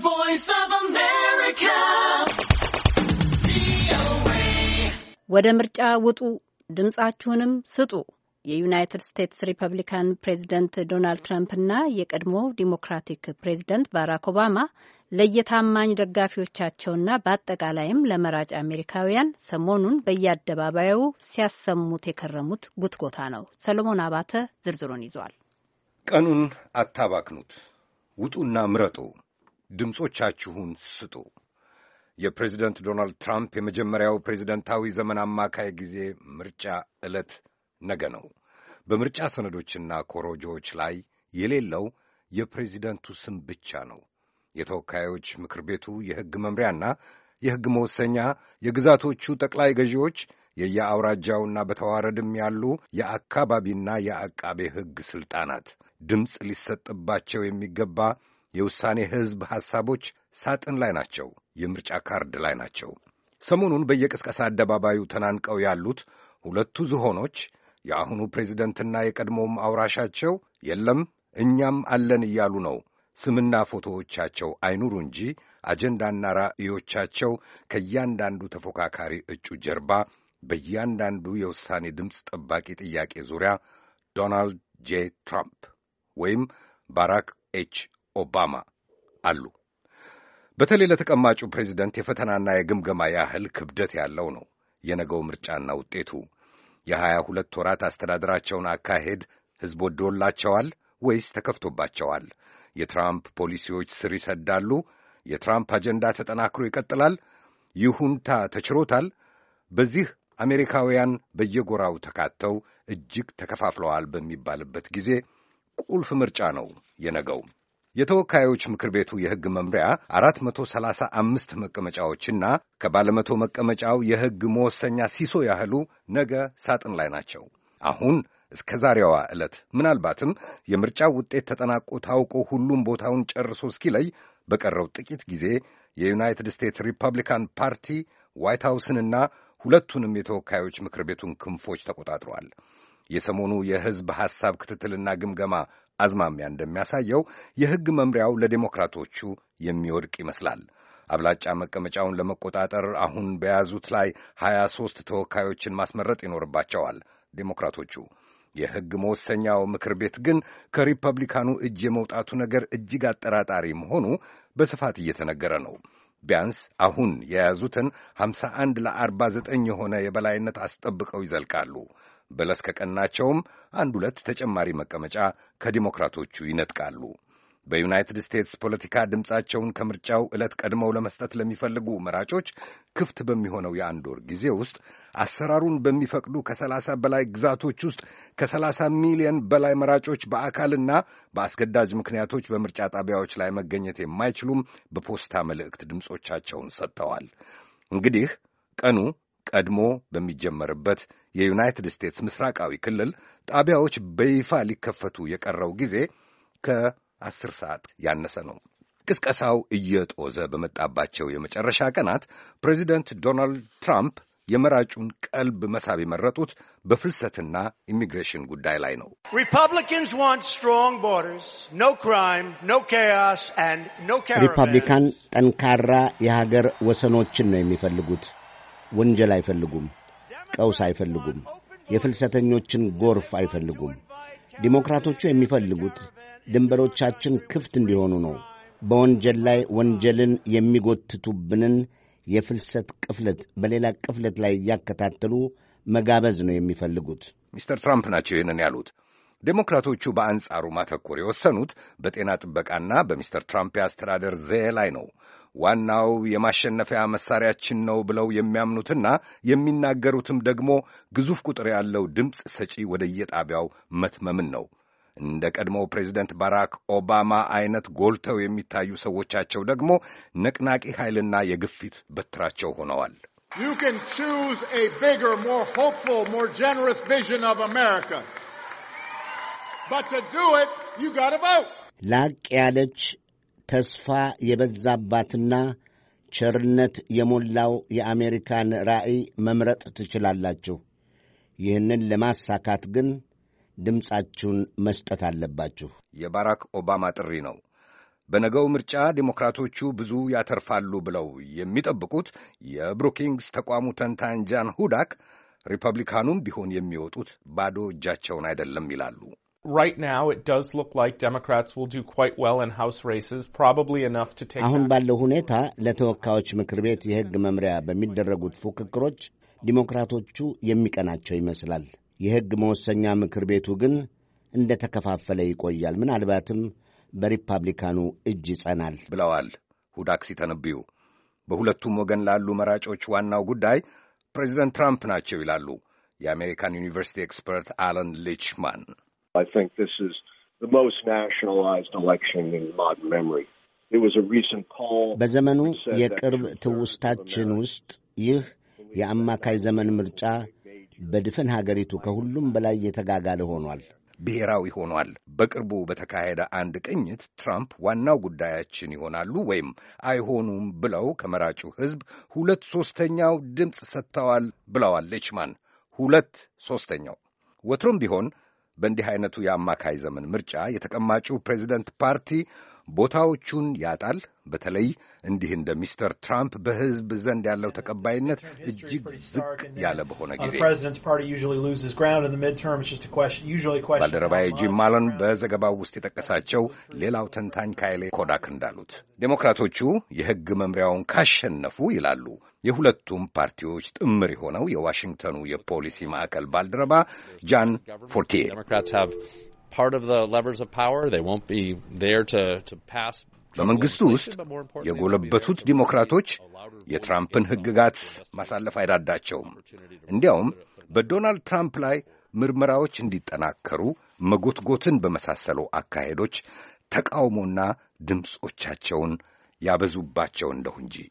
Voice of America. ወደ ምርጫ ውጡ፣ ድምጻችሁንም ስጡ። የዩናይትድ ስቴትስ ሪፐብሊካን ፕሬዚደንት ዶናልድ ትራምፕ እና የቀድሞ ዲሞክራቲክ ፕሬዚደንት ባራክ ኦባማ ለየታማኝ ደጋፊዎቻቸውና በአጠቃላይም ለመራጭ አሜሪካውያን ሰሞኑን በየአደባባዩ ሲያሰሙት የከረሙት ጉትጎታ ነው። ሰሎሞን አባተ ዝርዝሩን ይዟል። ቀኑን አታባክኑት፣ ውጡና ምረጡ። ድምፆቻችሁን ስጡ። የፕሬዚደንት ዶናልድ ትራምፕ የመጀመሪያው ፕሬዚደንታዊ ዘመን አማካይ ጊዜ ምርጫ ዕለት ነገ ነው። በምርጫ ሰነዶችና ኮሮጆዎች ላይ የሌለው የፕሬዚደንቱ ስም ብቻ ነው። የተወካዮች ምክር ቤቱ የሕግ መምሪያና የሕግ መወሰኛ የግዛቶቹ ጠቅላይ ገዢዎች የየአውራጃውና በተዋረድም ያሉ የአካባቢና የአቃቤ ሕግ ሥልጣናት ድምፅ ሊሰጥባቸው የሚገባ የውሳኔ ሕዝብ ሐሳቦች ሳጥን ላይ ናቸው፣ የምርጫ ካርድ ላይ ናቸው። ሰሞኑን በየቅስቀሳ አደባባዩ ተናንቀው ያሉት ሁለቱ ዝሆኖች የአሁኑ ፕሬዚደንትና የቀድሞም አውራሻቸው የለም እኛም አለን እያሉ ነው። ስምና ፎቶዎቻቸው አይኑሩ እንጂ አጀንዳና ራዕዮቻቸው ከእያንዳንዱ ተፎካካሪ እጩ ጀርባ በእያንዳንዱ የውሳኔ ድምፅ ጠባቂ ጥያቄ ዙሪያ ዶናልድ ጄ ትራምፕ ወይም ባራክ ኤች ኦባማ አሉ። በተለይ ለተቀማጩ ፕሬዚደንት የፈተናና የግምገማ ያህል ክብደት ያለው ነው የነገው ምርጫና ውጤቱ። የሀያ ሁለት ወራት አስተዳደራቸውን አካሄድ ሕዝብ ወዶላቸዋል ወይስ ተከፍቶባቸዋል? የትራምፕ ፖሊሲዎች ስር ይሰዳሉ? የትራምፕ አጀንዳ ተጠናክሮ ይቀጥላል? ይሁንታ ተችሮታል? በዚህ አሜሪካውያን በየጎራው ተካተው እጅግ ተከፋፍለዋል በሚባልበት ጊዜ ቁልፍ ምርጫ ነው የነገው። የተወካዮች ምክር ቤቱ የሕግ መምሪያ 435 መቀመጫዎችና ከባለመቶ መቀመጫው የሕግ መወሰኛ ሲሶ ያህሉ ነገ ሳጥን ላይ ናቸው። አሁን እስከ ዛሬዋ ዕለት ምናልባትም የምርጫው ውጤት ተጠናቆ ታውቆ ሁሉም ቦታውን ጨርሶ እስኪለይ በቀረው ጥቂት ጊዜ የዩናይትድ ስቴትስ ሪፐብሊካን ፓርቲ ዋይት ሃውስንና ሁለቱንም የተወካዮች ምክር ቤቱን ክንፎች ተቆጣጥረዋል። የሰሞኑ የሕዝብ ሐሳብ ክትትልና ግምገማ አዝማሚያ እንደሚያሳየው የሕግ መምሪያው ለዴሞክራቶቹ የሚወድቅ ይመስላል። አብላጫ መቀመጫውን ለመቆጣጠር አሁን በያዙት ላይ ሀያ ሦስት ተወካዮችን ማስመረጥ ይኖርባቸዋል ዴሞክራቶቹ። የሕግ መወሰኛው ምክር ቤት ግን ከሪፐብሊካኑ እጅ የመውጣቱ ነገር እጅግ አጠራጣሪ መሆኑ በስፋት እየተነገረ ነው። ቢያንስ አሁን የያዙትን 51 ለ49 የሆነ የበላይነት አስጠብቀው ይዘልቃሉ። በለስ ከቀናቸውም አንድ ሁለት ተጨማሪ መቀመጫ ከዲሞክራቶቹ ይነጥቃሉ። በዩናይትድ ስቴትስ ፖለቲካ ድምፃቸውን ከምርጫው ዕለት ቀድመው ለመስጠት ለሚፈልጉ መራጮች ክፍት በሚሆነው የአንድ ወር ጊዜ ውስጥ አሰራሩን በሚፈቅዱ ከሰላሳ በላይ ግዛቶች ውስጥ ከሰላሳ ሚሊዮን በላይ መራጮች በአካልና በአስገዳጅ ምክንያቶች በምርጫ ጣቢያዎች ላይ መገኘት የማይችሉም በፖስታ መልእክት ድምፆቻቸውን ሰጥተዋል። እንግዲህ ቀኑ ቀድሞ በሚጀመርበት የዩናይትድ ስቴትስ ምስራቃዊ ክልል ጣቢያዎች በይፋ ሊከፈቱ የቀረው ጊዜ ከ አስር ሰዓት ያነሰ ነው። ቅስቀሳው እየጦዘ በመጣባቸው የመጨረሻ ቀናት ፕሬዚደንት ዶናልድ ትራምፕ የመራጩን ቀልብ መሳብ የመረጡት በፍልሰትና ኢሚግሬሽን ጉዳይ ላይ ነው። ሪፐብሊካን ጠንካራ የሀገር ወሰኖችን ነው የሚፈልጉት። ወንጀል አይፈልጉም፣ ቀውስ አይፈልጉም፣ የፍልሰተኞችን ጎርፍ አይፈልጉም። ዲሞክራቶቹ የሚፈልጉት ድንበሮቻችን ክፍት እንዲሆኑ ነው። በወንጀል ላይ ወንጀልን የሚጎትቱብንን የፍልሰት ቅፍለት በሌላ ቅፍለት ላይ እያከታተሉ መጋበዝ ነው የሚፈልጉት። ሚስተር ትራምፕ ናቸው ይህንን ያሉት። ዴሞክራቶቹ በአንጻሩ ማተኮር የወሰኑት በጤና ጥበቃና በሚስተር ትራምፕ የአስተዳደር ዘዬ ላይ ነው። ዋናው የማሸነፊያ መሳሪያችን ነው ብለው የሚያምኑትና የሚናገሩትም ደግሞ ግዙፍ ቁጥር ያለው ድምፅ ሰጪ ወደየጣቢያው መትመምን ነው። እንደ ቀድሞው ፕሬዚደንት ባራክ ኦባማ አይነት ጎልተው የሚታዩ ሰዎቻቸው ደግሞ ነቅናቂ ኃይልና የግፊት በትራቸው ሆነዋል። You can choose a bigger, more hopeful, more generous vision of America. ላቅ ያለች ተስፋ የበዛባትና ቸርነት የሞላው የአሜሪካን ራዕይ መምረጥ ትችላላችሁ። ይህንን ለማሳካት ግን ድምፃችሁን መስጠት አለባችሁ። የባራክ ኦባማ ጥሪ ነው። በነገው ምርጫ ዴሞክራቶቹ ብዙ ያተርፋሉ ብለው የሚጠብቁት የብሩኪንግስ ተቋሙ ተንታኝ ጃን ሁዳክ ሪፐብሊካኑም ቢሆን የሚወጡት ባዶ እጃቸውን አይደለም ይላሉ። right now it does look like Democrats will do quite well in House races, probably enough to take አሁን ባለው ሁኔታ ለተወካዮች ምክር ቤት የሕግ መምሪያ በሚደረጉት ፉክክሮች ዲሞክራቶቹ የሚቀናቸው ይመስላል። የሕግ መወሰኛ ምክር ቤቱ ግን እንደ ተከፋፈለ ይቆያል፣ ምናልባትም በሪፐብሊካኑ እጅ ይጸናል ብለዋል ሁዳክሲ ሲተነብዩ። በሁለቱም ወገን ላሉ መራጮች ዋናው ጉዳይ ፕሬዚደንት ትራምፕ ናቸው ይላሉ የአሜሪካን ዩኒቨርሲቲ ኤክስፐርት አለን ሊችማን። I think this is the most nationalized election in modern memory. It was a recent poll. በዘመኑ የቅርብ ትውስታችን ውስጥ ይህ የአማካይ ዘመን ምርጫ በድፍን ሀገሪቱ ከሁሉም በላይ የተጋጋለ ሆኗል፣ ብሔራዊ ሆኗል። በቅርቡ በተካሄደ አንድ ቅኝት ትራምፕ ዋናው ጉዳያችን ይሆናሉ ወይም አይሆኑም ብለው ከመራጩ ሕዝብ ሁለት ሦስተኛው ድምፅ ሰጥተዋል ብለዋል። ሌችማን ሁለት ሦስተኛው ወትሮም ቢሆን በእንዲህ አይነቱ የአማካይ ዘመን ምርጫ የተቀማጩ ፕሬዚደንት ፓርቲ ቦታዎቹን ያጣል። በተለይ እንዲህ እንደ ሚስተር ትራምፕ በሕዝብ ዘንድ ያለው ተቀባይነት እጅግ ዝቅ ያለ በሆነ ጊዜ ባልደረባዬ ጂም ማለን በዘገባው ውስጥ የጠቀሳቸው ሌላው ተንታኝ ካይሌ ኮዳክ እንዳሉት ዴሞክራቶቹ የሕግ መምሪያውን ካሸነፉ ይላሉ የሁለቱም ፓርቲዎች ጥምር የሆነው የዋሽንግተኑ የፖሊሲ ማዕከል ባልደረባ ጃን ፎርቲዬ part of the levers of power. They won't be there to, to pass በመንግስቱ ውስጥ የጎለበቱት ዲሞክራቶች የትራምፕን ሕግጋት ማሳለፍ አይዳዳቸውም። እንዲያውም በዶናልድ ትራምፕ ላይ ምርመራዎች እንዲጠናከሩ መጎትጎትን በመሳሰሉ አካሄዶች ተቃውሞና ድምፆቻቸውን ያበዙባቸው እንደሁ እንጂ